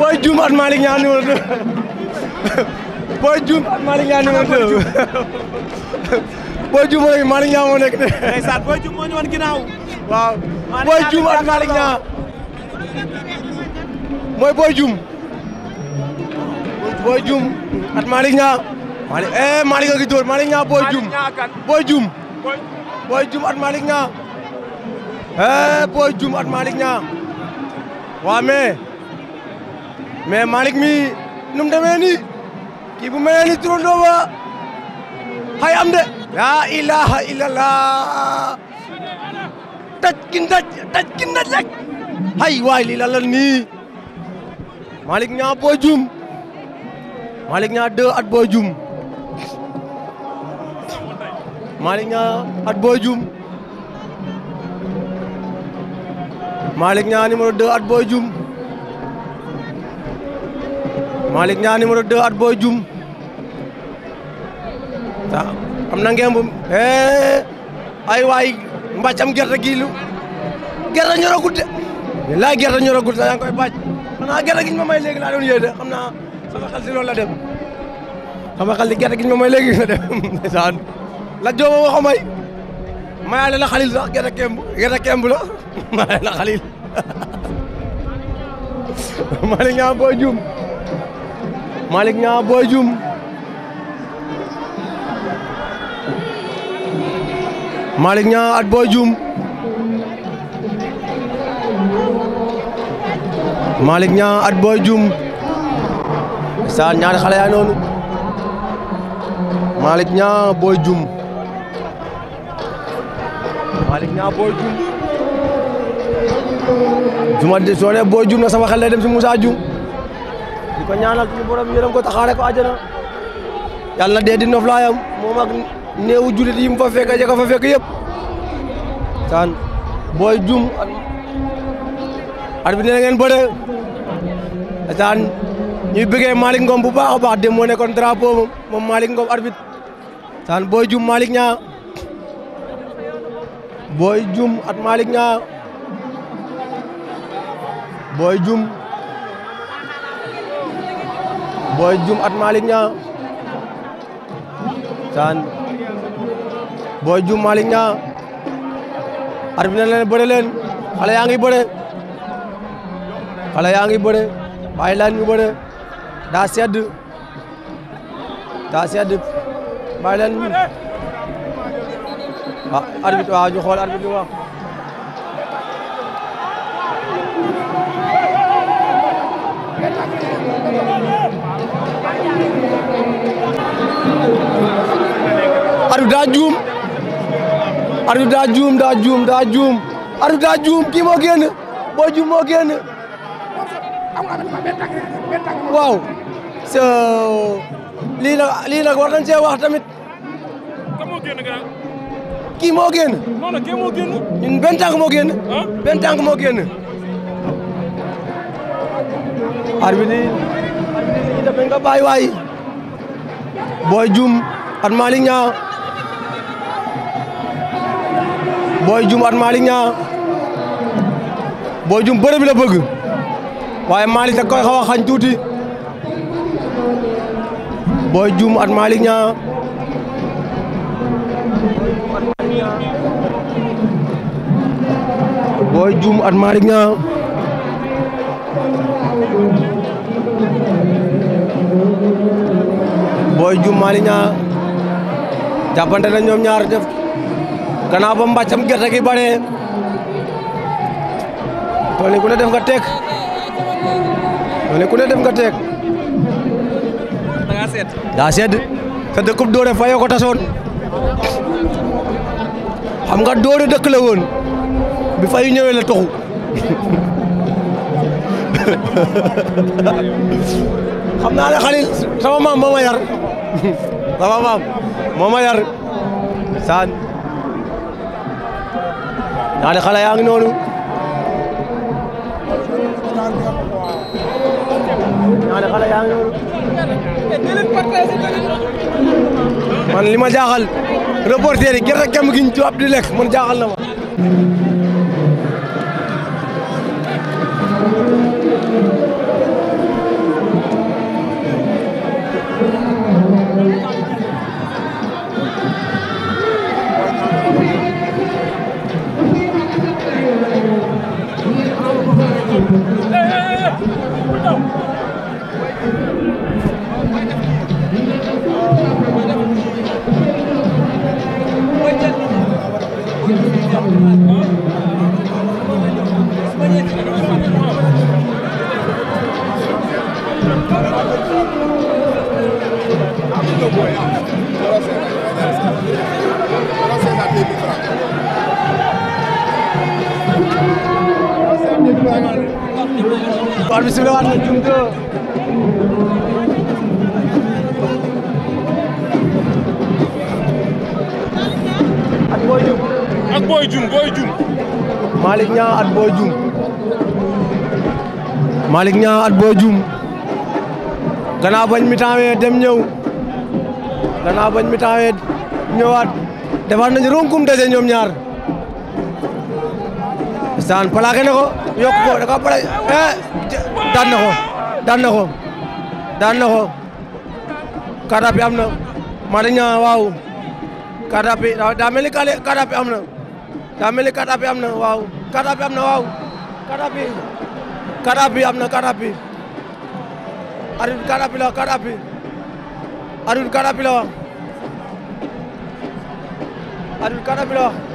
Boy Dioum ak Malick Niang numéro 2 Boy Dioum ak Malick Niang numéro 2 Boy Dioum ak Malick ak Malick Niang mooy Boy Dioum. Boy Dioum ak Malick Niang. Malick eh Malick a ngi eh, waa mais. mais Malick mi nu mu demee nii kii bu mel ni turandoo ba xay am de laa ilaha illallah daj ki ndaj daj ki ndaj waay lii lan la nii Malick ñaa boo jum Malick ñaa at boo jum Malick ñaa at boo jum Malick ñaa numéro deux at boo Malick Niang numéro 2 at booy jum waaw am na ngeen bu ay waay mbàccam gerte gii lu gerte ñoragul de laay gerte ñoragul sax yaa ngi koy bàcc xanaa gerte gi ñu ma may léegi laa doon yéede xam naa sama xel si loolu la dem sama xel si gerte gi ñu ma may léegi la dem ndeysaan la jooma waxo may mayaale la xalil sax gerte kemb gerte kemb la mayaale la xalil Malick jum Malick ñaa Boy Dioum Malick Niang at Boy Dioum Malick Niang at xale yaa noonu Malick Niang Boy Dioum Malick Niang Boy Dioum na sama xel lay dem si Moussa Dioum ko ñaanal suñu borom yërëm ko taxaare ko àjjana yàlla na dee di noflaayam moom ak néewu julit yi fa fekk ja ko fa fekk yëpp saan booy jum at bi ne ngeen bëre saan ñuy bëggee Malick Ngom bu baax a baax dem moo nekkoon drapeau moom moom Malick Ngom arbitre saan booy jum Malick ñaa booy jum at Malick ñaa booy jum Boy Dioum at Malick Niang saan Boy Dioum Malick Niang at bi ne leen bëre yaa ngi bëre xale yaa ngi bëre bàyyi leen ñu bëre daa sedd daa sedd bàyyi leen ñu ah xool arbitre bi wax arbitre daa juum arbitre daa juum daa juum daa juum arbitre daa juum kii moo génn boo juum moo génn waaw so lii nag lii nag war nañ cee kii moo génn ñun benn tànk moo génn ah? benn tànk moo génn arbitre dañ ko booy jum at Malick Niang booy jum at Malick waaye Malick da koy xañ tuuti booy jum at Malick Niang booy jum at Malick Niang Boy Dioum Malick Niang jàppante na ñoom ñaar def gannaaw ba mbàccam gerte gi bare tool yi ku ne def nga teg tool yi ku ne def nga teg. da ngaa sedd. daa sedd te dëkkub doore fa yoo ko tasoon xam nga doore dëkk la woon bi fa yu ñëwee la toxu xam naa ne xalil sama maam moo ma yar. sama maam moo ma yar saan ñaari xale yaa ngi noonu ñaari xale yaa ngi noonu man li ma jaaxal reporter yi gerte gam gi ñu tubaab di lekk man jaaxal na ma Parmi ceux-là, on a ak Boy Dioum Boy Dioum. Malick at Boy Dioum. Malick Niang at Boy Dioum. gannaaw bañ mi taawee dem ñëw. gannaaw bañ mi taawee ñëwaat. defaat nañu runkum dese ñoom ñaar. saan plaqué ko yokk ko da ka plaqué eh ko daan ko daan am na Malick Niang waaw kadapi daa mel ni kale am na daa mel ni quatre appuis am na waaw quatre appuis am na waaw quatre appuis quatre appuis am na quatre appuis arbitre quatre appuis la wax quatre appuis arbitre quatre appuis la wax arbitre quatre appuis la wax